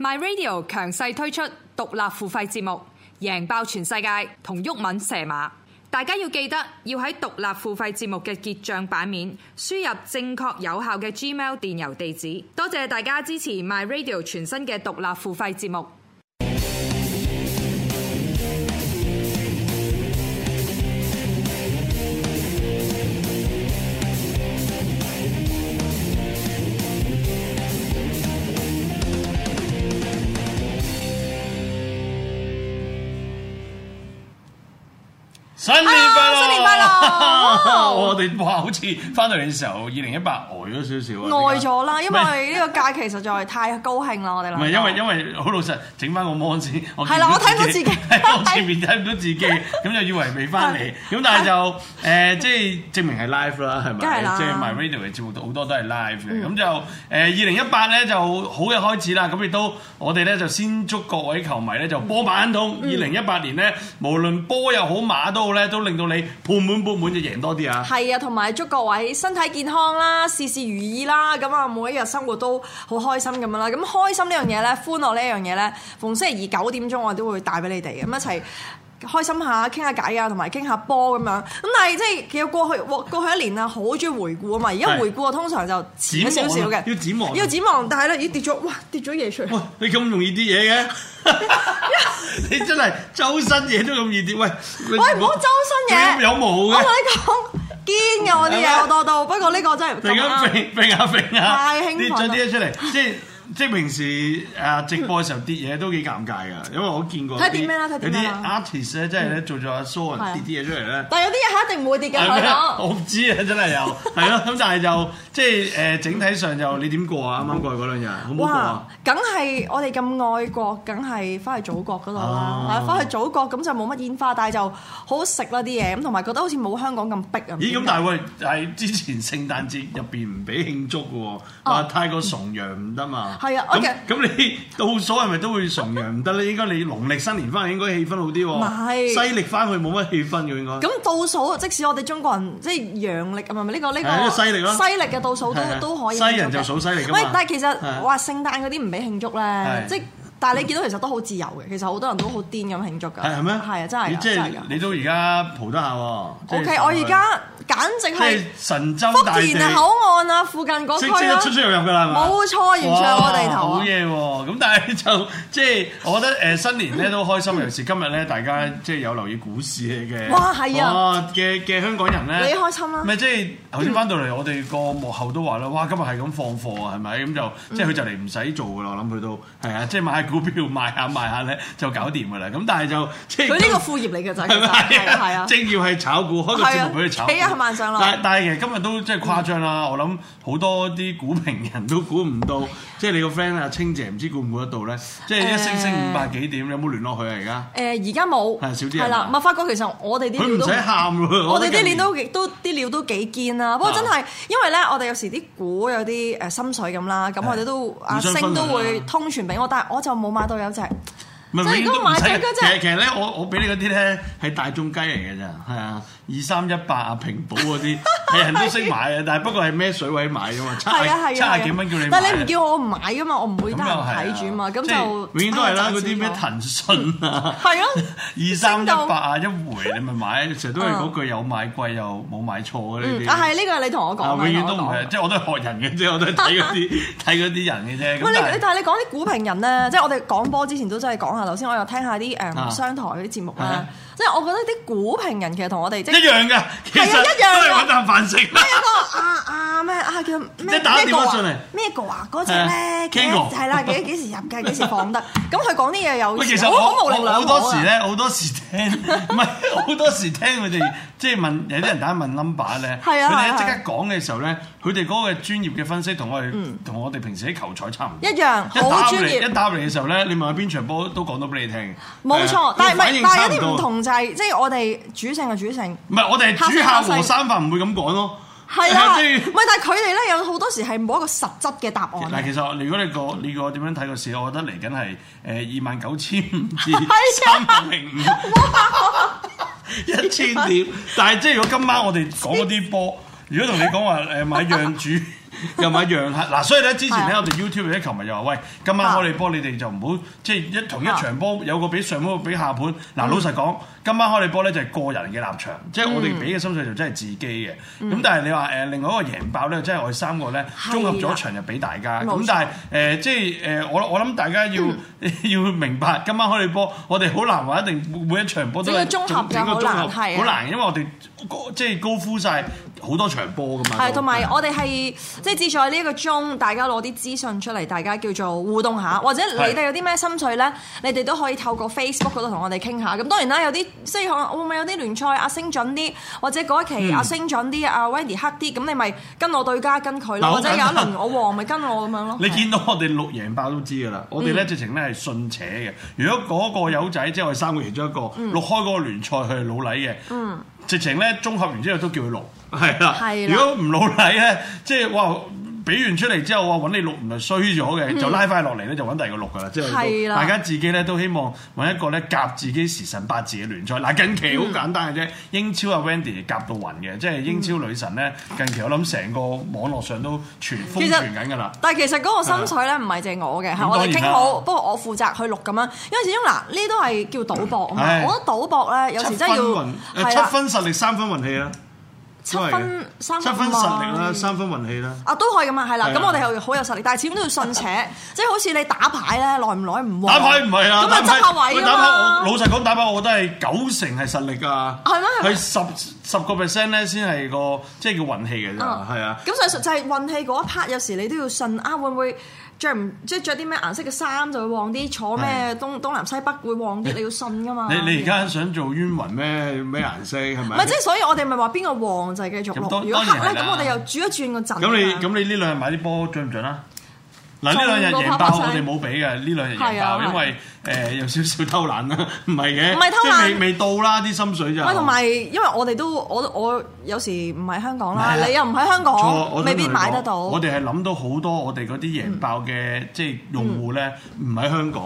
MyRadio 強勢推出獨立付費節目，贏爆全世界同郁文蛇馬。大家要記得要喺獨立付費節目嘅結帳版面輸入正確有效嘅 Gmail 電郵地址。多謝大家支持 MyRadio 全新嘅獨立付費節目。新年快樂，新年快樂。我哋哇，好似翻到嚟嘅時候，二零一八呆咗少少啊！呆咗啦，因為呢個假期實在係太高興啦，我哋。唔係因為因為好老實，整翻個芒先。係啦，我睇到自己，前面睇唔到自己，咁就以為未翻嚟。咁但係就誒即係證明係 live 啦，係咪？即係 my radio 嘅節目都好多都係 live 嘅。咁就誒二零一八咧就好嘅開始啦。咁亦都我哋咧就先祝各位球迷咧就波板通。二零一八年咧，無論波又好馬都好。都令到你盤滿缽滿就贏多啲啊！係啊，同埋祝各位身體健康啦，事事如意啦，咁啊，每一日生活都好開心咁樣啦。咁開心呢樣嘢咧，歡樂呢樣嘢咧，逢星期二九點鐘我哋都會帶俾你哋嘅，咁一齊，開心下，傾下偈啊，同埋傾下波咁樣。咁但係即係其實過去過去一年啊，好中意回顧啊嘛。而家回顧通常就淺少少嘅，要展望，要展望。但係咧，要跌咗，哇跌咗嘢出嚟，哦。你咁容易跌嘢嘅， 你真係周身嘢都咁易跌。喂喂，唔好周身嘢，有冇我同你講，堅嘅我啲嘢嗎多到，不過呢個真係。突然間，掟掟下掟下，太興奮，跌咗啲嘢出嚟。 即係平時誒直播嘅時候跌嘢都幾尷尬㗎，因為我見過睇啲咩啦？睇啲 artist 咧，即係咧做咗阿 show，跌啲嘢出嚟咧。但係有啲嘢係一定唔會跌嘅，有我唔知啊，真係又。係咯，咁但係就即係誒整體上就你點過啊？啱啱過嗰兩日好唔好過啊？梗係我哋咁愛國，梗係翻去祖國嗰度啦，翻、啊、去祖國咁就冇乜煙花，但係就好食啦啲嘢，咁同埋覺得好似冇香港咁逼咁。咦？咁但係喂，喺之前聖誕節入邊唔俾慶祝嘅喎，話太過崇洋唔得嘛。啊嗯係啊，OK 咁你倒數係咪都會崇洋唔得咧？應該你農曆新年翻去應該氣氛好啲，唔係西歷翻去冇乜氣氛嘅應該。咁倒數即使我哋中國人即係陽曆唔係唔係呢個呢個西歷咯，西歷嘅倒數都都可以。西人就數西歷噶嘛。喂，但係其實我話聖誕嗰啲唔俾慶祝咧，即係但係你見到其實都好自由嘅，其實好多人都好癲咁慶祝噶。係咩？係啊，真係。即係你都而家蒲得下喎。OK，我而家。簡直係！即係神州大地、福田口岸啊，附近嗰區咯。車出出入入㗎啦，係嘛？冇錯，完全我哋圖。好嘢喎！咁但係就即係我覺得誒新年咧都開心，尤其是今日咧，大家即係有留意股市嘅。哇！係啊！哇！嘅嘅香港人咧，你開心啦。咪即係頭先翻到嚟，我哋個幕後都話啦，哇！今日係咁放貨啊，係咪？咁就即係佢就嚟唔使做㗎啦，我諗佢都係啊！即係買下股票，賣下賣下咧就搞掂㗎啦。咁但係就即佢呢個副業嚟嘅就係係啊！係啊！正要係炒股，開個節目俾佢炒。但但係其實今日都即係誇張啦！我諗好多啲股評人都估唔到，即係你個 friend 阿清姐唔知估唔估得到咧？即係一升升五百幾點，有冇聯絡佢啊？而家誒，而家冇。係少啲人。係啦，咪發哥，其實我哋啲料都唔使喊喎。我哋啲料都都啲料都幾堅啦。不過真係，因為咧，我哋有時啲股有啲誒心水咁啦，咁我哋都阿星都會通傳俾我，但係我就冇買到有隻。唔係都唔使。其實其實咧，我我俾你嗰啲咧係大眾雞嚟嘅咋。係啊。二三一八啊，平保嗰啲，人人都識買啊，但係不過係咩水位買啫嘛，七十幾蚊叫你買，但你唔叫我唔買噶嘛，我唔會睇住啊嘛，咁就永遠都係啦，嗰啲咩騰訊啊，係啊，二三一八啊一回你咪買，成日都係嗰句有買貴又冇買錯嘅呢啲，啊係呢個你同我講永遠都唔係，即係我都係學人嘅啫，我都係睇嗰啲睇啲人嘅啫。喂你，但係你講啲股評人咧，即係我哋講波之前都真係講下，頭先我又聽下啲誒商台啲節目啦。即係我覺得啲股評人其實同我哋一樣嘅，其實都係揾啖飯食。咩一個啊啊咩啊叫咩？打電話上嚟咩？國華哥啊嗰隻咧，聽過係啦，幾幾時入嘅，幾時放得？咁佢講啲嘢又好無釐頭。好多時咧，好多時聽，唔係好多時聽佢哋。即係問有啲人第一問 number 咧，係啊，佢哋即刻講嘅時候咧，佢哋嗰個專業嘅分析同我哋同我哋平時喺球賽差唔多一樣，好專業。一打嚟嘅時候咧，你問我邊場波都講到俾你聽。冇錯，但係唔係，但係有啲唔同就係即係我哋主勝嘅主勝。唔係我哋主客和三發唔會咁講咯。係啦，唔係但係佢哋咧有好多時係冇一個實質嘅答案。嗱，其實如果你個你個點樣睇個事，我覺得嚟緊係誒二萬九千五至三萬零五。一千點，一千點 但係即係如果今晚我哋講嗰啲波。如果同你講話誒買讓主又買讓客嗱，所以咧之前咧我哋 YouTube 咧，琴日又話喂，今晚開你波你哋就唔好即係一同一場波有個比上盤比下盤嗱，老實講，今晚開你波咧就係個人嘅立場，即係我哋比嘅心水就真係自己嘅。咁但係你話誒另外一個贏爆咧，真係我哋三個咧綜合咗場就比大家。咁但係誒即係誒我我諗大家要要明白，今晚開你波我哋好難話一定每一場波都係綜合嘅好難，好難，因為我哋即係高呼晒。好多場波㗎嘛，係同埋我哋係即係志在呢個鐘，大家攞啲資訊出嚟，大家叫做互動下，或者你哋有啲咩心水咧，你哋都可以透過 Facebook 嗰度同我哋傾下。咁當然啦，有啲即係可能會有啲聯賽阿星準啲，或者嗰一期阿星準啲，阿 Wendy 黑啲，咁你咪跟我對家跟佢咯，或者有一輪我黃咪跟我咁樣咯。你見到我哋六贏爆都知㗎啦，我哋咧直情咧係信扯嘅。如果嗰個友仔即係我哋三個其中一個六開嗰個聯賽佢係老禮嘅。直情咧綜合完之後都叫佢錄，係啦。係啊。如果唔老嚟咧，即係哇！比完出嚟之後，我揾你錄唔係衰咗嘅，就拉翻落嚟咧，就揾第二個錄噶啦。即係大家自己咧都希望揾一個咧夾自己時辰八字嘅聯賽。嗱，近期好簡單嘅啫，嗯、英超阿 Wendy 夾到雲嘅，即係英超女神咧。近期我諗成個網絡上都傳瘋傳緊㗎啦。但係其實嗰個心水咧唔係淨我嘅，係、嗯、我哋傾好。不過我負責去錄咁樣，因為始終嗱呢都係叫賭博啊嘛。唉我覺得賭博咧有時真係要七分運，七分實力，三分運氣啊。七分、三分，七分實力啦，三分運氣啦。啊，都可以咁啊，係啦。咁我哋又好有實力，但係始終都要信邪，即係好似你打牌咧，耐唔耐唔旺。打牌唔係啊，咁係執下位㗎嘛。打牌。老實講，打牌我都係九成係實力㗎。係咩？係十十個 percent 咧，先係個即係叫運氣嘅啫。係啊。咁就就係運氣嗰一 part，有時你都要信啊，會唔會？着唔即係着啲咩顏色嘅衫就會旺啲，坐咩東東南西北會旺啲，的你要信㗎嘛？你你而家想做冤魂咩？咩顏色係咪？唔係即係所以，我哋咪話邊個旺就繼續落。如果黑咧，咁我哋又轉一轉個陣。咁你咁你呢兩日買啲波準唔準啊？嗱，呢兩日贏爆我哋冇俾嘅，呢兩日贏爆，因為誒有少少偷懶啦，唔係嘅，唔係偷懶，即係未未到啦，啲心水就，同埋因為我哋都我我有時唔喺香港啦，你又唔喺香港，未必買得到。我哋係諗到好多我哋嗰啲贏爆嘅即係用戶咧，唔喺香港，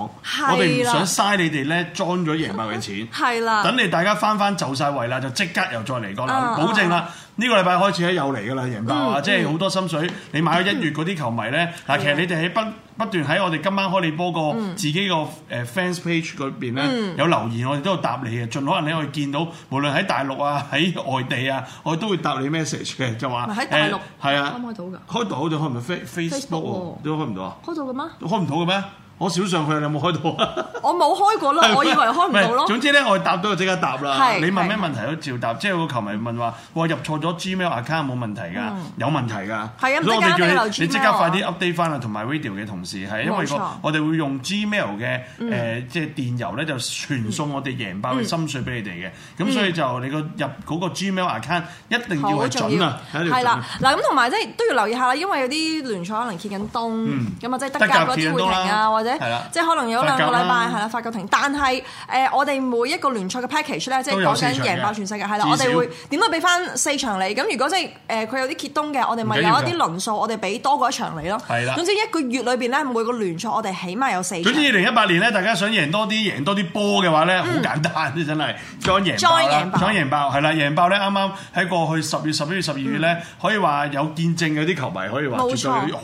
我哋唔想嘥你哋咧，裝咗贏爆嘅錢，係啦，等你大家翻翻就曬位啦，就即刻又再嚟過啦，保證啦。呢個禮拜開始咧又嚟噶啦，贏爆啊！嗯、即係好多心水，嗯、你買咗一月嗰啲球迷咧，嗱、嗯，其實你哋喺不不斷喺我哋今晚開你波個自己個誒 fans page 嗰邊咧、嗯、有留言，我哋都有答你嘅，嗯、盡可能你可以見到，無論喺大陸啊，喺外地啊，我哋都會答你 message 嘅，就話喺大陸係、欸、啊，開唔開到㗎，開到就開唔係 face Facebook 喎，都開唔到啊，開，開，開到㗎咩？開唔到㗎咩？我少上去，你有冇開到？我冇開過咯，我以為開唔到咯。總之咧，我答到就即刻答啦。你問咩問題都照答。即係個球迷問話，我入錯咗 gmail account 冇問題㗎，有問題㗎？係啊，我哋叫你，你即刻快啲 update 翻啦，同埋 radio 嘅同事係因為我哋會用 gmail 嘅誒即係電郵咧就傳送我哋贏爆嘅心水俾你哋嘅。咁所以就你個入嗰個 gmail account 一定要去準啊。係啦，嗱咁同埋即係都要留意下啦，因為有啲聯賽可能揭緊冬，咁啊即係德甲嗰啲會停。啊，係啦，即係可能有兩個禮拜係啦，發覺停。但係誒，我哋每一個聯賽嘅 package 咧，即係講緊贏爆全世界係啦。我哋會點都俾翻四場你。咁如果即係誒佢有啲揭冬嘅，我哋咪有一啲輪數，我哋俾多過一場你咯。係啦。總之一個月裏邊咧，每個聯賽我哋起碼有四場。總之二零一八年咧，大家想贏多啲，贏多啲波嘅話咧，好簡單真係，想贏爆，想贏爆係啦，贏爆咧啱啱喺過去十月、十一月、十二月咧，可以話有見證有啲球迷可以話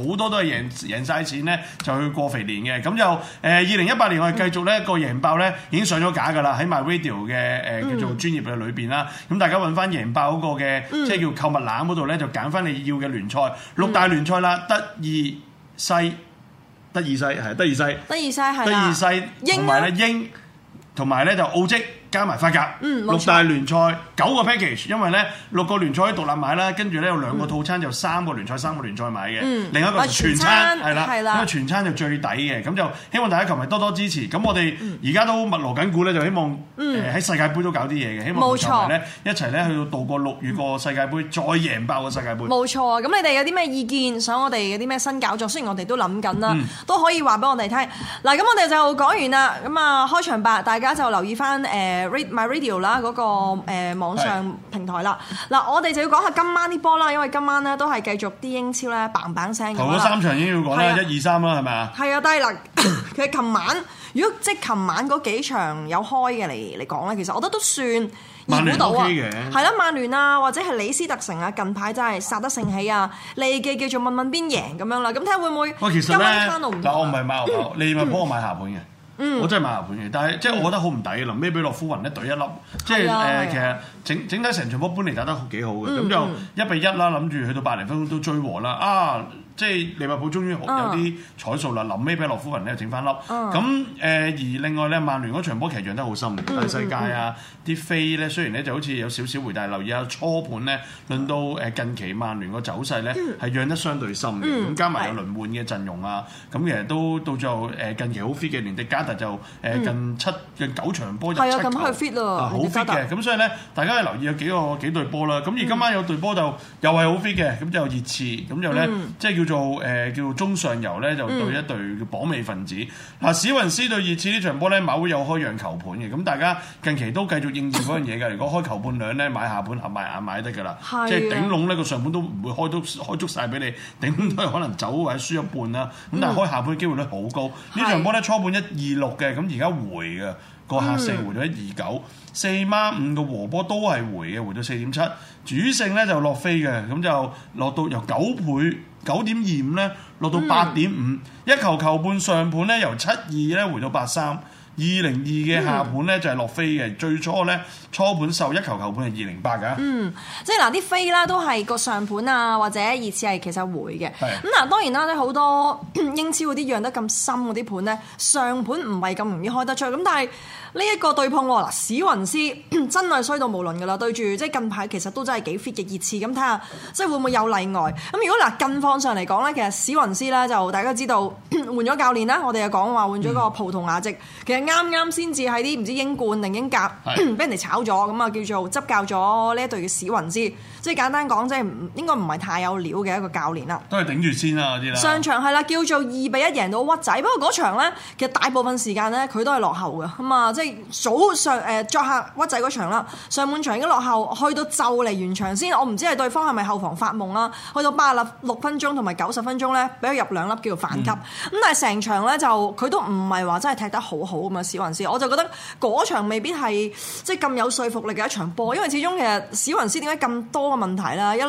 好多都係贏贏曬錢咧，就去過肥年嘅咁。咁又，誒二零一八年我哋繼續咧個贏爆咧已經上咗架噶啦喺 MyRadio 嘅誒叫做專頁嘅裏邊啦，咁、嗯、大家揾翻贏爆嗰個嘅即係叫購物籃嗰度咧，就揀翻你要嘅聯賽，六大聯賽啦、嗯，德意西、德意西係德意西、德意西係德意西，同埋咧英，同埋咧就澳職。加埋法甲，六大聯賽九個 package，因為咧六個聯賽喺獨立買啦，跟住咧有兩個套餐，就三個聯賽、三個聯賽買嘅，另一個全餐係啦，咁啊全餐就最抵嘅。咁就希望大家琴日多多支持。咁我哋而家都密鑼緊鼓咧，就希望喺世界盃都搞啲嘢嘅，希望冇錯咧一齊咧去到度過六月個世界盃，再贏爆個世界盃。冇錯，咁你哋有啲咩意見想我哋有啲咩新搞作？雖然我哋都諗緊啦，都可以話俾我哋聽。嗱，咁我哋就講完啦。咁啊，開場白大家就留意翻誒。my radio 啦嗰個誒網上平台啦，嗱，我哋就要講下今晚啲波啦，因為今晚咧都係繼續啲英超咧砰砰聲咁啦。好啦，三場已經要講啦，一二三啦，係咪啊？係啊，但係嗱，其實琴晚如果即係琴晚嗰幾場有開嘅嚟嚟講咧，其實我覺得都算易估到啊。係啦，曼聯啊，或者係李斯特城啊，近排真係殺得盛起啊，利記叫做問問邊贏咁樣啦，咁睇下會唔會？我其實咧嗱，我唔係買牛牛，你咪幫我買下盤嘅。 我真係買下盤嘅，但係即係我覺得好唔抵啊！臨尾俾洛夫雲一懟一粒，即係誒其實整整體成場波搬嚟打得幾好嘅，咁就一比一啦，諗住去到八十分鐘都追和啦啊！即係利物浦終於有啲彩數啦，臨尾俾洛夫雲咧整翻粒。咁誒而另外咧，曼聯嗰場波其實養得好深嘅世界啊，啲飛咧雖然咧就好似有少少回，但係留意下初盤咧，論到誒近期曼聯個走勢咧係養得相對深嘅。咁加埋有輪換嘅陣容啊，咁其實都到最後誒近期好 fit 嘅連迪加特就誒近七近九場波入七個。係啊，咁係 fit 喎，好 fit 嘅。咁所以咧，大家去留意有幾個幾對波啦。咁而今晚有對波就又係好 fit 嘅，咁就係熱刺咁又咧即係叫。叫做誒、呃，叫做中上游咧，就對一對嘅榜尾分子。嗱、嗯，史雲斯對熱刺呢場波咧，馬會有開讓球盤嘅。咁大家近期都繼續應驗嗰樣嘢嘅。如果開球半兩咧，買下盤合買啊，買得㗎啦。的即係頂籠呢個上盤都唔會開足開足曬俾你，頂都可能走或者輸一半啦。咁但係開下盤嘅機會率好高、嗯、場呢場波咧，的初盤一二六嘅，咁而家回嘅個客四回咗一二九、嗯、四孖五嘅和波都係回嘅，回到四點七，主勝咧就落飛嘅，咁就落到由九倍。九點二五咧落到八點五，嗯、一球球半上盤咧由七二咧回到八三，二零二嘅下盤咧、嗯、就係落飛嘅。最初咧初盤受一球球半係二零八嘅。嗯，即係嗱啲飛啦都係個上盤啊，或者二次係其實回嘅。咁嗱是的，當然啦，咧好多英超嗰啲讓得咁深嗰啲盤咧，上盤唔係咁容易開得出。咁但係。呢一個對碰喎嗱，史雲斯 真係衰到無論噶啦，對住即係近排其實都真係幾 fit 嘅熱刺，咁睇下即係會唔會有例外？咁如果嗱，近況上嚟講咧，其實史雲斯咧就大家知道 換咗教練啦，我哋又講話換咗個葡萄牙籍，嗯、其實啱啱先至喺啲唔知英冠定英甲俾是的 人哋炒咗，咁啊叫做執教咗呢一隊嘅史雲斯。即係簡單講，即係唔應該唔係太有料嘅一個教練啦。都係頂住先啦嗰啲啦。上場係啦，叫做二比一贏到屈仔，不過嗰場咧，其實大部分時間咧佢都係落後嘅，咁啊，即係早上誒作客屈仔嗰場啦，上半場已經落後，去到就嚟完場先，我唔知係對方係咪後防發夢啦，去到八十六分鐘同埋九十分鐘咧，俾佢入兩粒叫做反急，咁但係成場咧就佢都唔係話真係踢得好好咁啊！史雲斯我就覺得嗰場未必係即係咁有說服力嘅一場波，因為始終其實史雲斯點解咁多？問題啦，一來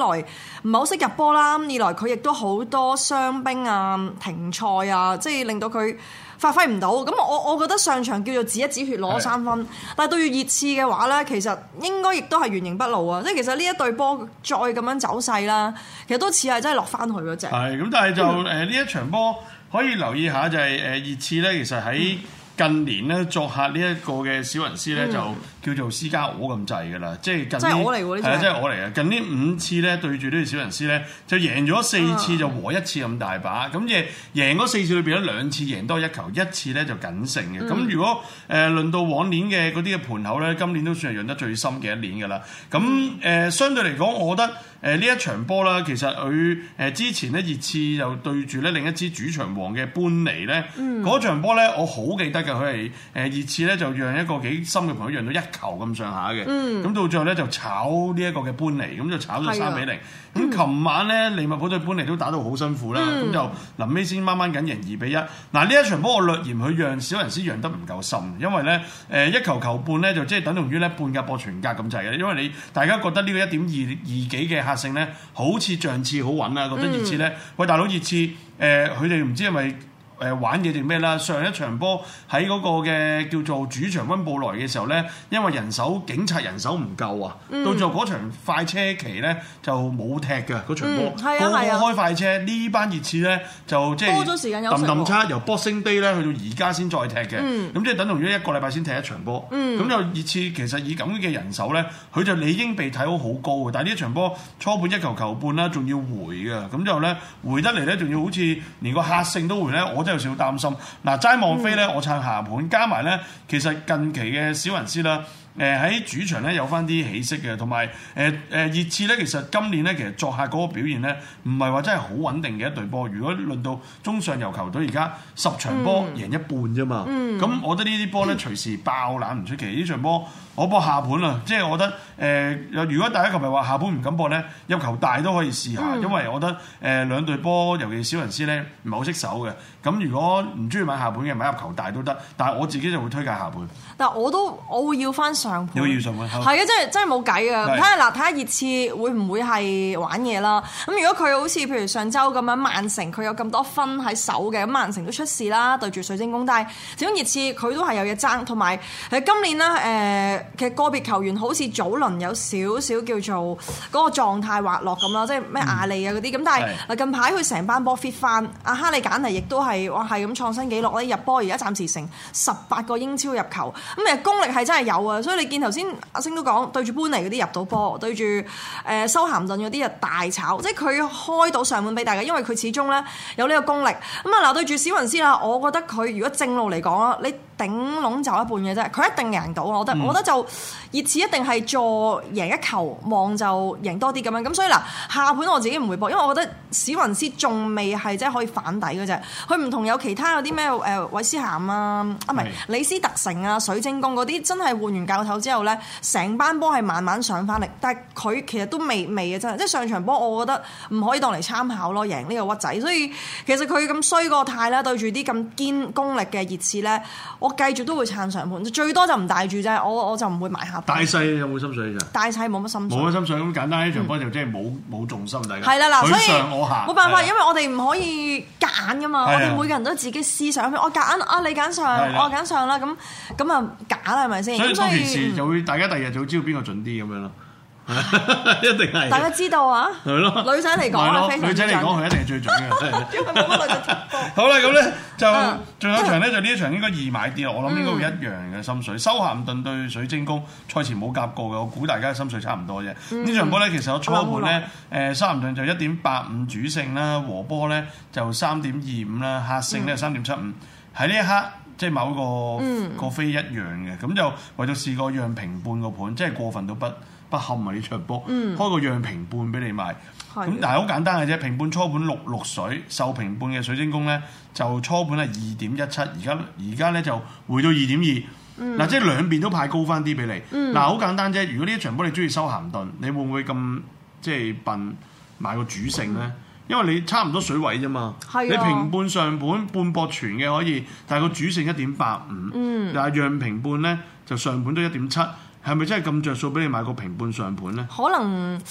唔係好識入波啦，二來佢亦都好多傷兵啊、停賽啊，即係令到佢發揮唔到。咁我我覺得上場叫做止一止血攞三分，的但係對於熱刺嘅話呢，其實應該亦都係原形不露啊。即係其實呢一隊波再咁樣走勢啦，其實都似係真係落翻去嗰隻。係咁，但係就誒呢一場波可以留意下就係誒熱刺呢，其實喺近年呢，作客呢一個嘅小雲斯呢就。叫做私家和咁滯嘅啦，即係近，係真係我嚟嘅。近呢對五次咧，對住呢個小人師咧，就贏咗四次，啊、就和一次咁大把。咁嘅贏嗰四次裏邊，有兩次贏多一球，一次咧就僅勝嘅。咁、嗯、如果誒，輪、呃、到往年嘅嗰啲嘅盤口咧，今年都算係讓得最深嘅一年嘅啦。咁誒、嗯呃，相對嚟講，我覺得誒呢一場波啦，其實佢誒之前咧熱刺又對住咧另一支主場王嘅般尼咧，嗰、嗯、場波咧我好記得嘅，佢係誒熱刺咧就讓一個幾深嘅盤口讓到一球咁上下嘅，咁、嗯、到最後咧就炒呢一個嘅搬嚟，咁就炒咗三比零、啊。咁琴晚咧利物浦對搬嚟都打到好辛苦啦，咁、嗯、就臨尾先掹掹緊贏二比一。嗱呢一場波我略嫌佢讓小人先讓得唔夠深，因為咧誒一球球半咧就即係等同於咧半格波全格咁滯嘅，因為你大家覺得個 2, 2呢個一點二二幾嘅客勝咧，好似上次好穩啦、啊，覺得熱刺咧，喂大佬熱刺誒佢哋唔知係咪？誒玩嘢定咩啦？上一場波喺嗰個嘅叫做主場温布萊嘅時候咧，因為人手警察人手唔夠啊，嗯、到做嗰場快車期咧就冇踢嘅嗰場波，嗯啊、個,個個開快車，呢、啊、班熱刺咧就即係冧冧差，由 Boxing Day 咧去到而家先再踢嘅，咁、嗯、即係等同於一個禮拜先踢一場波。咁、嗯、就熱刺其實以咁嘅人手咧，佢就理應被睇好好高嘅，但係呢一場波初盤一球球半啦，仲要回嘅，咁之後咧回得嚟咧，仲要好似連個客勝都回咧，我。真係有少少擔心。嗱，齋望飛咧，我撐下盤加埋咧，其實近期嘅小雲絲啦。 誒喺主場咧有翻啲起色嘅，同埋誒誒熱刺咧，其實今年咧其實作客嗰個表現咧，唔係話真係好穩定嘅一隊波。如果論到中上游球隊，而家十場波贏一半啫嘛，咁、嗯、我覺得呢啲波咧隨時爆冷唔出奇。呢場波我搏下盤啦，即係我覺得誒、呃，如果大家琴日話下盤唔敢搏咧，入球大都可以試下，嗯、因為我覺得誒兩隊波，尤其小人師咧唔係好識守嘅。咁如果唔中意買下盤嘅買入球大都得，但係我自己就會推介下盤。但係我都我會要翻。上門係啊！真係真係冇計啊！睇下嗱，睇下熱刺會唔會係玩嘢啦？咁如果佢好似譬如上周咁樣曼城佢有咁多分喺手嘅，咁曼城都出事啦，對住水晶宮。但係始終熱刺佢都係有嘢爭，同埋其實今年啦誒、呃，其實個別球員好似早輪有少少叫做嗰個狀態滑落咁啦，嗯、即係咩亞利啊嗰啲。咁但係近排佢成班波 fit 翻，阿的哈利簡尼亦都係哇係咁創新紀錄咧入波，而家暫時成十八個英超入球，咁其實功力係真係有啊，所以。你見頭先阿星都講，對住搬嚟嗰啲入到波，對住誒修咸頓嗰啲又大炒，即係佢開到上門俾大家，因為佢始終咧有呢個功力。咁、嗯、啊，嗱對住史雲斯啦，我覺得佢如果正路嚟講啦，你。頂籠就一半嘅啫，佢一定贏到我覺得，嗯、我覺得就熱刺一定係坐贏一球，望就贏多啲咁樣。咁所以嗱，下盤我自己唔會博，因為我覺得史雲斯仲未係即係可以反底嘅啫。佢唔同有其他有啲咩誒韋斯咸啊，啊唔係李斯特城啊、水晶宮嗰啲，真係換完教頭之後咧，成班波係慢慢上翻嚟。但係佢其實都未未嘅真係，即係上場波我覺得唔可以當嚟參考咯，贏呢個屈仔。所以其實佢咁衰個態咧，對住啲咁堅功力嘅熱刺咧。我繼續都會撐上盤，最多就唔大住啫。我我就唔會埋下。大細有冇心水噶？大細冇乜心水，冇乜心水咁簡單，一場波就真係冇冇重心大家，係啦嗱，所以冇辦法，因為我哋唔可以揀噶嘛。我哋每個人都自己思想，我揀啊，你揀上，我揀上啦。咁咁啊揀啦，係咪先？所以到時就會大家第二日就會知道邊個準啲咁樣咯。 一定係是，大家知道啊？係咯，女仔嚟講女仔嚟講，佢一定係最準嘅。 是的 好啦，咁咧就最後、嗯、一場咧，就呢一場應該易買啲啦。嗯、我諗應該會一樣嘅心水。修咸頓對水晶宮，賽前冇夾過嘅，我估大家嘅心水差唔多啫。嗯、場呢場波咧，其實我初盤咧，誒、嗯，修咸頓就一點八五主勝啦，和波咧就三點二五啦，客勝咧三點七五。喺呢一刻，即係某個、嗯、個非一樣嘅，咁就為咗試個讓平半個盤，即係過分都不。冇埋呢場波、嗯，開個讓平半俾你賣的，咁但係好簡單嘅啫。平半初盤六六水，受平半嘅水晶宮咧，就初盤係二點一七，而家而家咧就回到二點二。嗱，即係兩邊都派高翻啲俾你。嗱、嗯，好簡單啫。如果呢場波你中意收鹹盾，你會唔會咁即係笨買個主勝咧？因為你差唔多水位啫嘛。的你平半上盤半博全嘅可以，85，嗯、但係個主勝一點八五，但嗱讓平半咧就上盤都一點七。係咪真係咁着數俾你買個平半上盤咧？可能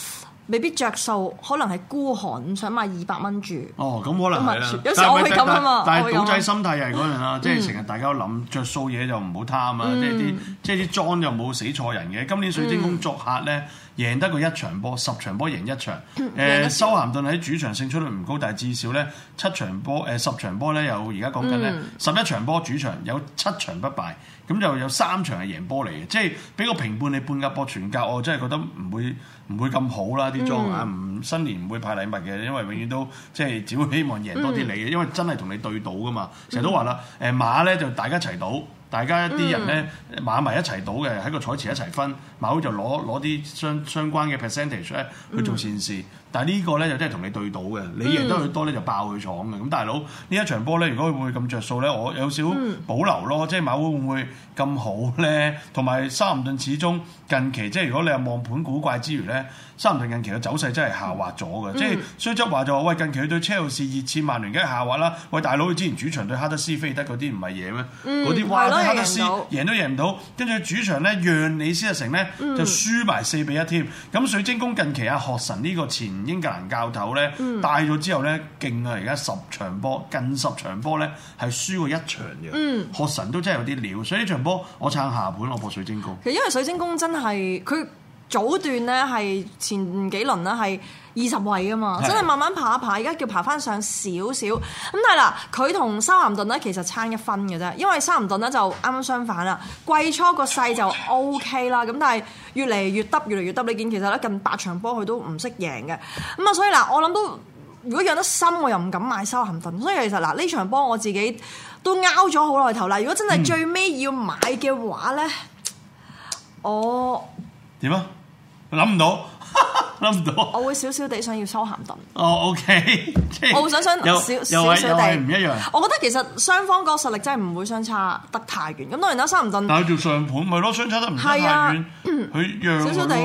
未必着數，可能係孤寒，唔想買二百蚊住。哦，咁可能係啦。嗯、有時候我會咁啊嘛。但係僆仔心態又係嗰樣啦，即係成日大家諗着數嘢就唔好貪啊！嗯、即係啲即係啲莊又冇死錯人嘅。今年水晶宮作客咧，贏得過一場波，十場波贏一場。誒、嗯，修咸、呃、頓喺主場勝出率唔高，但係至少咧七場波，誒、呃、十場波咧又而家講緊咧十一場波主場有七場不敗。咁就有三場係贏波嚟嘅，即係俾個平半你半價博全價，我真係覺得唔會唔會咁好啦啲莊啊，唔、嗯、新年唔會派禮物嘅，因為永遠都即係只會希望贏多啲你，嗯、因為真係同你對賭噶嘛，成日都話啦，誒、嗯、馬咧就大家一齊賭。大家一啲人咧買埋一齊賭嘅，喺個彩池一齊分，馬會就攞攞啲相相關嘅 percentage 咧去做善事。嗯、但係呢個咧就真係同你對賭嘅，嗯、你贏得佢多咧就爆佢廠嘅。咁、嗯、大佬呢一場波咧，如果會咁着數咧，我有少保留咯。嗯、即係馬會會唔會咁好咧？同埋三連，始終近期即係如果你係望盤古怪之餘咧，三連近期嘅走勢真係下滑咗嘅。嗯、即係所以雖則話就話喂，近期佢對車路士熱刺曼聯梗係下滑啦。喂大佬，佢之前主場對哈德斯菲德嗰啲唔係嘢咩？嗰啲卡贏都贏唔到，跟住 主場咧讓李斯特城咧就輸埋四比一添。咁水晶宮近期啊，學神呢個前英格蘭教頭咧 帶咗之後咧勁啊！而家十場波近十場波咧係輸過一場嘅。 學神都真係有啲料，所以呢場波我撐下盤，我博水晶宮。其實因為水晶宮真係佢。早段咧係前幾輪呢係二十位㗎嘛，是的 真係慢慢爬一爬，爬，而家叫爬翻上少少。咁但係啦，佢同修咸頓呢其實差一分嘅啫，因為修咸頓呢就啱啱相反啦。季初個勢就 O K 啦，咁但係越嚟越得，越嚟越得，你見其實咧近八場波佢都唔識贏嘅。咁啊，所以嗱，我諗都如果養得深，我又唔敢買修咸頓。所以其實嗱，呢場波我自己都拗咗好耐頭啦。如果真係最尾要買嘅話呢，嗯、我。點啊？諗唔到。哈哈。我，我會少少地想要修咸頓。哦，OK，我會想想少少少地唔一樣。我覺得其實雙方個實力真係唔會相差得太遠。咁當然啦，修咸頓打住上盤咪咯、就是，相差得唔係啊，遠、哎呀，佢樣少少地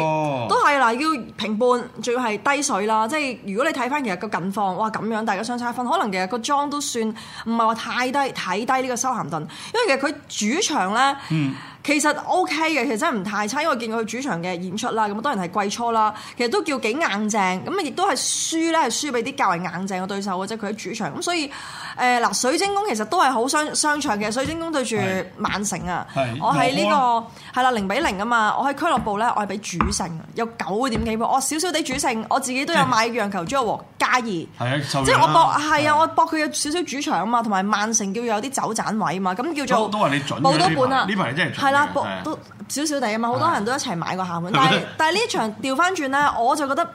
都係嗱，要平半，仲要係低水啦。即係如果你睇翻其實個近況，哇咁樣大家相差分，可能其實個莊都算唔係話太低，睇低呢個修咸頓，因為其實佢主場咧，其實 OK 嘅，其實真係唔太差。因為我見過佢主場嘅演出啦，咁當然係季初啦，其實都。要幾硬淨咁啊！亦都係輸咧，係輸俾啲較為硬淨嘅對手或者佢喺主場咁，所以誒嗱、呃，水晶宮其實都係好商商場嘅。水晶宮對住曼城啊，我喺呢個係啦零比零啊嘛，我喺俱樂部咧，我係俾主勝有九點幾波，我少少啲主勝，我自己都有買讓球張和加二，係啊，即係我博係啊，我博佢有少少主場啊嘛，同埋曼城叫有啲走盞位啊嘛，咁叫做冇都係你準，冇都半啊，呢排真係啦，博都的。少少哋啊嘛，好多人都一齊買過下門， 但係但係呢場調翻轉呢，我就覺得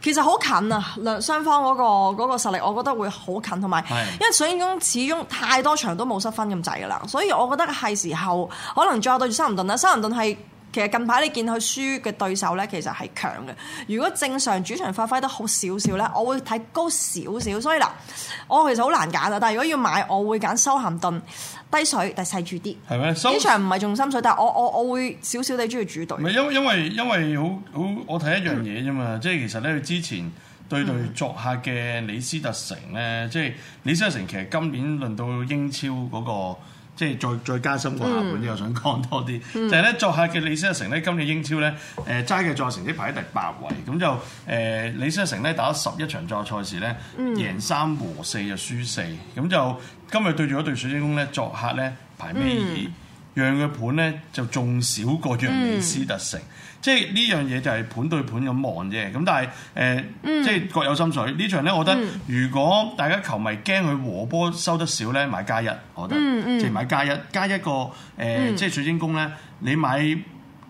其實好近啊，兩雙方嗰、嗰個嗰、嗰個、實力，我覺得會好近，同埋 因為水晶宮始終太多場都冇失分咁滯㗎啦，所以我覺得係時候可能再對住修咸頓啦，修咸頓係其實近排你見佢輸嘅對手呢，其實係強嘅。如果正常主場發揮得好少少呢，我會睇高少少，所以嗱，我其實好難揀啊，但係如果要買，我會揀修咸頓。低水但係細住啲，係咩？So, 市場唔係仲深水，但係我我我會少少地鍾意主隊。唔係，因為因為因為好好，我睇一樣嘢啫嘛。嗯、即係其實咧，佢之前對對作客嘅李斯特城咧，嗯、即係李斯特城其實今年輪到英超嗰、那個。即係再再加深個下半鐘，嗯、我想講多啲。嗯、就係咧，作客嘅李斯特城咧，今日英超咧，誒齋嘅作成績排喺第八位。咁就誒、呃、李斯特城咧打十一場作賽事咧，嗯、贏三和四就輸四。咁就今日對住嗰對水晶宮咧，作客咧排尾二。嗯讓嘅盤咧就仲少過讓李斯特城，嗯、即係呢樣嘢就係盤對盤咁望啫。咁但係誒，呃嗯、即係各有心水。呢場咧，我覺得如果大家球迷驚佢和波收得少咧，買加一，我覺得、嗯嗯、即係買加一，加一個誒，呃嗯、即係水晶宮咧，你買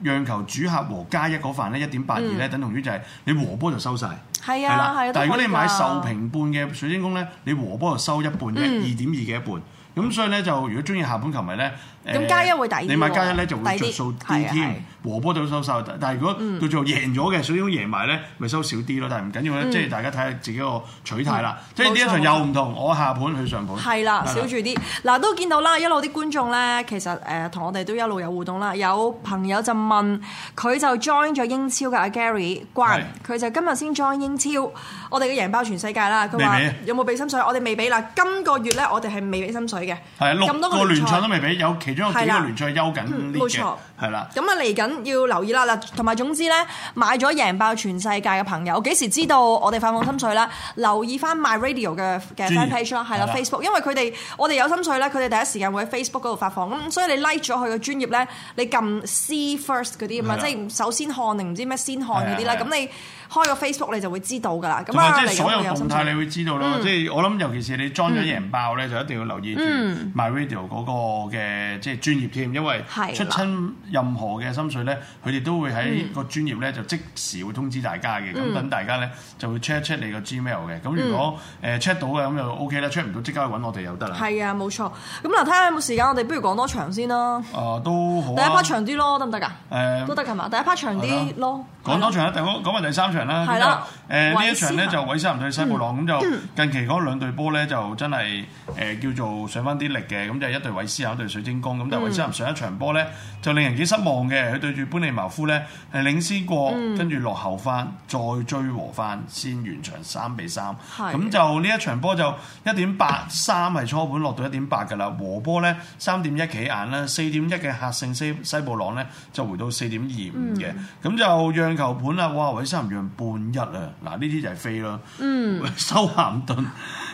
讓球主客和加一嗰份咧，一點八二咧，嗯、等同於就係你和波就收晒。係、嗯、啊，係啦，但係如果你買受平半嘅水晶宮咧，你和波就收一半啫，二點二嘅一半。2. 咁所以咧就如果中意下盤球迷咧，咁加一會抵啲，你買加一咧就會執數啲添，波波都收收。但係如果叫做贏咗嘅，屬於贏埋咧，咪收少啲咯。但係唔緊要，即係大家睇下自己個取態啦。即係呢場又唔同，我下盤佢上盤。係啦，少住啲。嗱，都見到啦，一路啲觀眾咧，其實誒同我哋都一路有互動啦。有朋友就問，佢就 join 咗英超嘅阿 Gary 關，佢就今日先 join 英超。我哋嘅贏爆全世界啦。佢話有冇俾心水？我哋未俾啦。今個月咧，我哋係未俾心水。係啊，六個聯賽都未俾，有其中有幾個聯賽休緊呢嘅。係啦，咁啊嚟緊要留意啦嗱，同埋總之咧買咗贏爆全世界嘅朋友，幾時知道我哋發放心水咧？留意翻 My Radio 嘅嘅 fan page 啦，係啦 Facebook，因為佢哋我哋有心水咧，佢哋第一時間會喺 Facebook 度發放，咁所以你 like 咗佢嘅專業咧，你撳 See First 嗰啲啊嘛，即係首先看定唔知咩先看嗰啲咧，咁你開個 Facebook 你就會知道噶啦。咁啊，即係所有動態你會知道啦。即係我諗，尤其是你裝咗贏爆咧，就一定要留意住 My Radio 嗰個嘅即係專業添，因為出親。任何嘅心水咧，佢哋都會喺個專業咧就即時會通知大家嘅。咁等大家咧就會 check check 你個 Gmail 嘅。咁如果誒 check 到嘅，咁就 OK 啦；check 唔到，即刻去揾我哋就得啦。係啊，冇錯。咁嗱，睇下有冇時間，我哋不如講多場先啦。啊，都好。第一 part 長啲咯，得唔得㗎？誒，都得㗎嘛。第一 part 長啲咯。講多場啦，講埋第三場啦。係啦。誒，呢一場咧就韋斯咸對西布朗，咁就近期嗰兩隊波咧就真係誒叫做上翻啲力嘅。咁就係一隊韋斯咸，一隊水晶宮。咁但韋斯咸上一場波咧就令人。幾失望嘅，佢對住本尼茅夫咧係領先過，嗯、跟住落後翻，再追和翻，先完場三比三的。咁就呢一場波就一點八三係初盤落到一點八噶啦，和波咧三點一企硬啦，四點一嘅客勝西西布朗咧就回到四點二五嘅，咁、嗯、就讓球盤啦，哇，維三讓半一啊，嗱，呢啲就係飛咯，嗯，修咸頓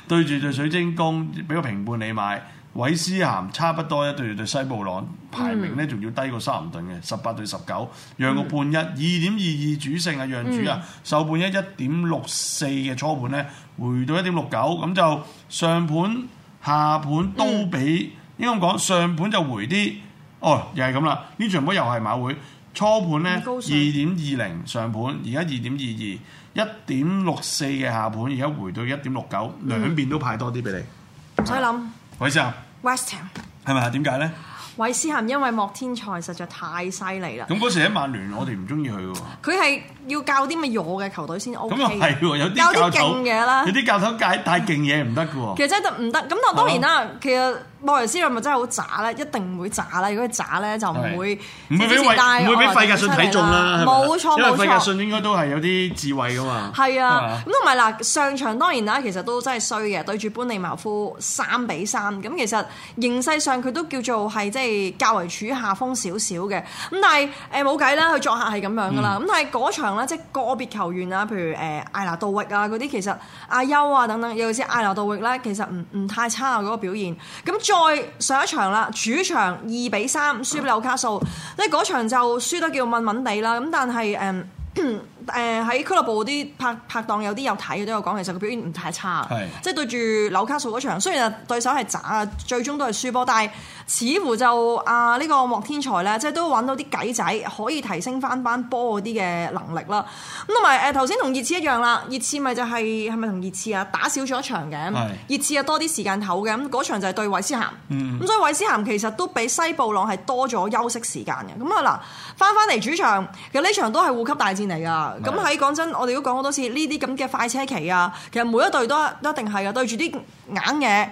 對住隻水晶宮，俾個平半你買。韋斯咸差不多一對對西布朗排名咧，仲要低過三靈頓嘅十八對十九，讓個半一，二點二二主勝啊，讓主啊，受半一一點六四嘅初盤咧，回到一點六九，咁就上盤下盤都比、嗯、應該講上盤就回啲，哦又係咁啦，呢場波又係馬會初盤咧二點二零上盤，而家二點二二，一點六四嘅下盤而家回到一點六九，兩邊都派多啲俾你，唔使諗，偉少。啊 West Ham 係咪啊？點解咧？韋斯咸因為莫天才實在太犀利啦。咁嗰時喺曼聯，我哋唔中意佢嘅。佢係要教啲咁弱嘅球隊先。咁又係喎，有啲教啲勁嘢啦，有啲教頭解太勁嘢唔得嘅。其實真係唔得。咁但係當然啦，其實。莫雷斯佢咪真係好渣咧？一定唔會渣是啦。如果佢渣咧就唔會唔會俾費會俾費格遜睇中啦，冇錯冇錯，因為費格遜應該都係有啲智慧噶嘛。係是啊，咁同埋嗱，上場當然啦，其實都真係衰嘅，對住班尼茅夫三比三。咁其實形勢上佢都叫做係即係較為處於下風少少嘅。咁但係誒冇計啦，佢作客係咁樣噶啦。咁、嗯、但係嗰場咧，即係個別球員啊，譬如誒艾拿杜域啊嗰啲，其實阿優啊等等，尤其是艾拿杜域咧，其實唔唔太差嗰、嗯個，那個表現。咁再上一場啦，主場二比三輸俾紐卡素，咧嗰場就輸得叫悶悶地啦。咁但係誒。呃誒喺俱樂部啲拍拍檔有啲有睇嘅都有講，其實個表現唔太差，是即係對住紐卡素嗰場，雖然啊對手係渣啊，最終都係輸波，但係似乎就啊呢、這個莫天才咧，即係都揾到啲計仔，可以提升翻班波嗰啲嘅能力啦。咁同埋誒頭先同熱刺一樣啦，熱刺咪就係係咪同熱刺啊打少咗一場嘅？是熱刺又多啲時間唞嘅，咁嗰場就係對韋斯咸，咁、嗯、所以韋斯咸其實都比西布朗係多咗休息時間嘅。咁啊嗱，翻翻嚟主場，其實呢場都係護級大戰。嚟噶，咁喺講真，我哋都講好多次呢啲咁嘅快車期啊，其實每一隊都一定係啊，對住啲硬嘢。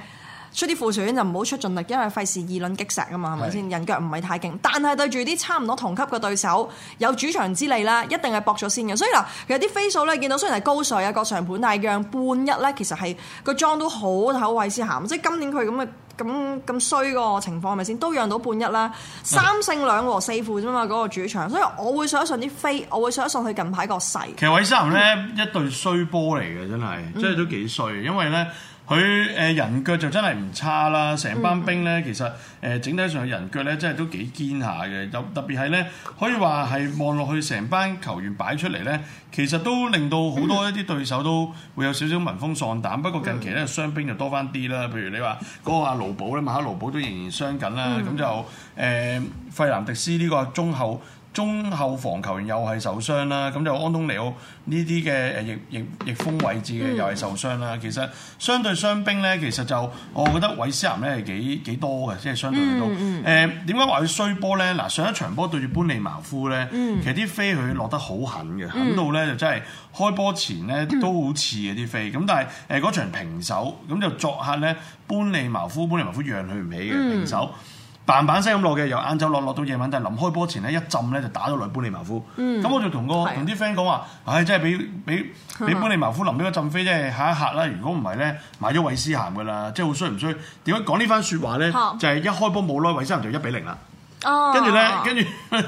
出啲副選就唔好出盡力，因為費事議論激石啊嘛，係咪先？人腳唔係太勁，但係對住啲差唔多同級嘅對手，有主場之利啦，一定係博咗先嘅。所以嗱，其實啲飛數咧，見到雖然係高水啊，個場盤，但係讓半一咧，其實係個莊都好睇，韋斯咸，即係今年佢咁嘅咁咁衰個情況係咪先？都讓到半一啦，嗯、三勝兩和四負啫嘛，嗰、那個主場。所以我會想一上啲飛，我會想一上佢近排個勢。其實韋斯咸咧一對衰波嚟嘅，真係，即係都幾衰，嗯嗯、因為咧。佢誒人腳就真係唔差啦，成班兵咧其實誒整體上嘅人腳咧，真係都幾堅下嘅。有特別係咧，可以話係望落去成班球員擺出嚟咧，其實都令到好多一啲對手都會有少少聞風喪膽。不過近期咧傷兵就多翻啲啦，譬如你話嗰個阿盧保咧，馬卡盧保都仍然傷緊啦。咁、嗯、就誒、呃、費南迪斯呢個中後。中後防球員又係受傷啦，咁就安東尼奧呢啲嘅誒翼翼翼鋒位置嘅又係受傷啦。其實相對傷兵咧，其實就我覺得韋斯咸咧係幾幾多嘅，即、就、係、是、相對嚟講。誒點解話佢衰波咧？嗱、呃、上一場波對住班利茅夫咧，嗯、其實啲飛佢落得好狠嘅，嗯、狠到咧就真係開波前咧、嗯、都好似嗰啲飛。咁但係誒嗰場平手咁就作客咧班利茅夫，班利茅夫讓佢唔起嘅平手。嗯嘭嘭聲咁落嘅，由晏晝落落到夜晚，但係臨開波前咧一浸咧就打咗落去般尼茅夫。咁、嗯、我就同個同啲 friend 講話：唉、啊哎，真係俾俾俾般尼茅夫臨呢一浸飛啫，真下一刻啦！如果唔係咧，買咗韋斯咸嘅啦，即係好衰唔衰？點解講番呢番説話咧？啊、就係一開波冇耐，韋斯咸就一比零啦、哦。跟住咧，跟住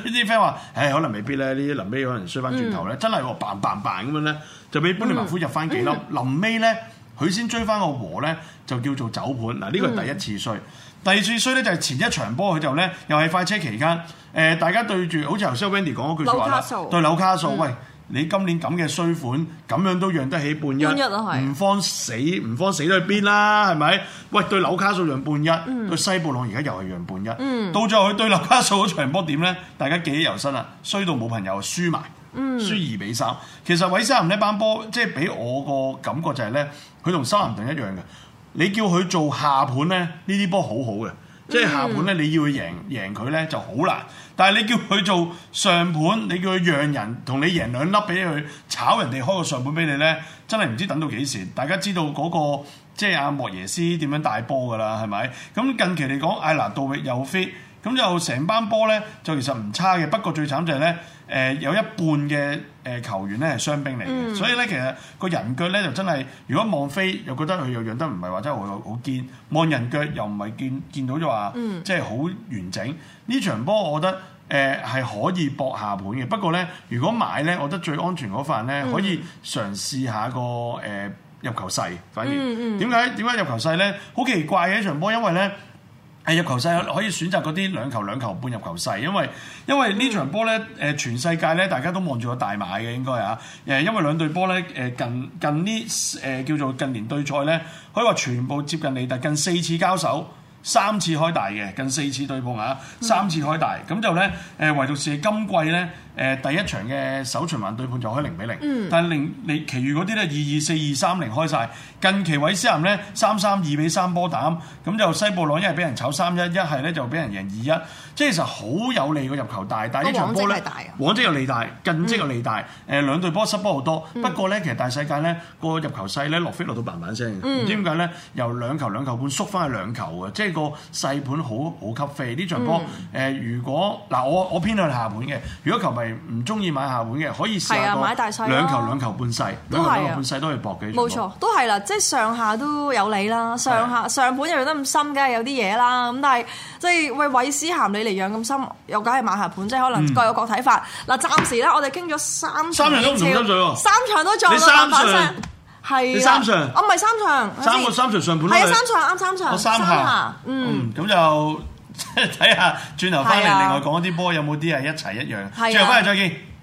啲 friend 話：唉、 哎，可能未必咧，呢啲臨尾可能衰翻轉頭咧，嗯、真係嘭嘭嘭咁樣咧，就俾般尼茅夫入翻幾粒。臨尾咧，佢先追翻個和咧，就叫做走盤嗱，呢個係第一次衰。嗯嗯。第二次衰咧就係前一場波佢就咧又係快車期間，誒、呃、大家對住好似頭先 Wendy 講嗰句話啦，對紐卡素，嗯、喂你今年咁嘅衰款咁樣都讓得起半一，唔慌死唔慌死都去邊啦，係咪？喂對紐卡素讓半一，嗯、對西布朗而家又係讓半一，嗯、到最後佢對紐卡素嗰場波點咧？大家記憶猶新啊，衰到冇朋友輸埋，輸二、嗯、輸 2 比三。其實韋斯咸呢班波即係俾我個感覺就係、是、咧，佢同沙林頓一樣嘅。你叫佢做下盤咧，呢啲波好好嘅，嗯、即係下盤咧，你要佢贏贏佢咧就好難。但係你叫佢做上盤，你叫佢讓人同你贏兩粒俾佢，炒人哋開個上盤俾你咧，真係唔知等到幾時。大家知道嗰、嗰個即係阿、啊、莫耶斯點樣帶波㗎啦，係咪？咁近期嚟講，艾拿杜域又飛。咁就成班波咧，就其實唔差嘅。不過最慘就係咧，誒、呃、有一半嘅誒、呃、球員咧係傷兵嚟嘅。嗯、所以咧，其實個人腳咧就真係，如果望飛又覺得佢又樣得唔係話真係好好堅，望人腳又唔係見見到就話，即係好完整。呢場波我覺得誒係、呃、可以搏下盤嘅。不過咧，如果買咧，我覺得最安全嗰份咧可以嘗試下、那個誒、呃、入球勢。反而點解點解入球勢咧？好奇怪嘅呢場波，因為咧。誒入球勢可以選擇嗰啲兩球兩球半入球勢，因為因為場呢場波咧誒，全世界咧大家都望住個大買嘅應該嚇誒，因為兩隊波咧誒近近呢誒叫做近年對賽咧，可以話全部接近你特近四次交手。三次開大嘅，近四次對碰啊！三次開大，咁、嗯、就咧誒，唯獨是今季咧誒第一場嘅首循環對碰就開零比零、嗯，但係零零，其餘嗰啲咧二二四二三零開晒。近期韋斯咸咧三三二比三波膽，咁就西布朗一係俾人炒三一呢，一係咧就俾人贏二一，即係其實好有利個入球大，但係呢場波咧往績、啊、有利大，近績有利大，誒、嗯、兩隊波失波好多，不過咧其實大世界咧個入球細咧落飛落到 bang bang 聲，唔知點解咧由兩球兩球半縮翻去兩球嘅，即係。即個細盤好好吸肥呢場波，誒，嗯、如果嗱，我我偏向下盤嘅，如果球迷唔中意買下盤嘅，可以試下、啊、買大細、啊，兩球兩球半細，兩球半細都係博幾。冇錯，都係啦，即係上下都有理啦，上下是、啊、上盤又養得咁深，梗係有啲嘢啦。咁但係即係喂韋斯咸，你嚟養咁深，又梗係買下盤，即係可能各有各睇法。嗱、嗯嗯啊，暫時咧，我哋傾咗三三場都唔出水喎，三場都賺咗三上 係，是三場，我唔係三場，三個三場上半，係啊三場啱三場，三，場哦、三，下三下，嗯，咁、嗯、就睇下，轉頭返嚟另外講啲波有冇啲係一齊一樣，再返嚟再見。